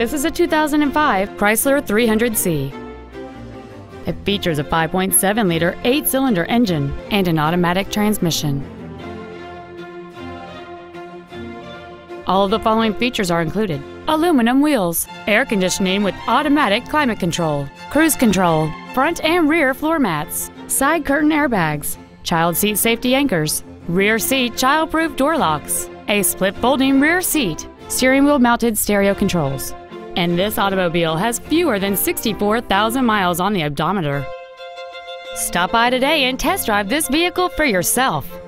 This is a 2005 Chrysler 300C. It features a 5.7 liter, eight cylinder engine and an automatic transmission. All of the following features are included aluminum wheels, air conditioning with automatic climate control, cruise control, front and rear floor mats, side curtain airbags, child seat safety anchors, rear seat child-proof door locks, a split folding rear seat, steering wheel mounted stereo controls, and this automobile has fewer than 64,000 miles on the odometer. Stop by today and test drive this vehicle for yourself.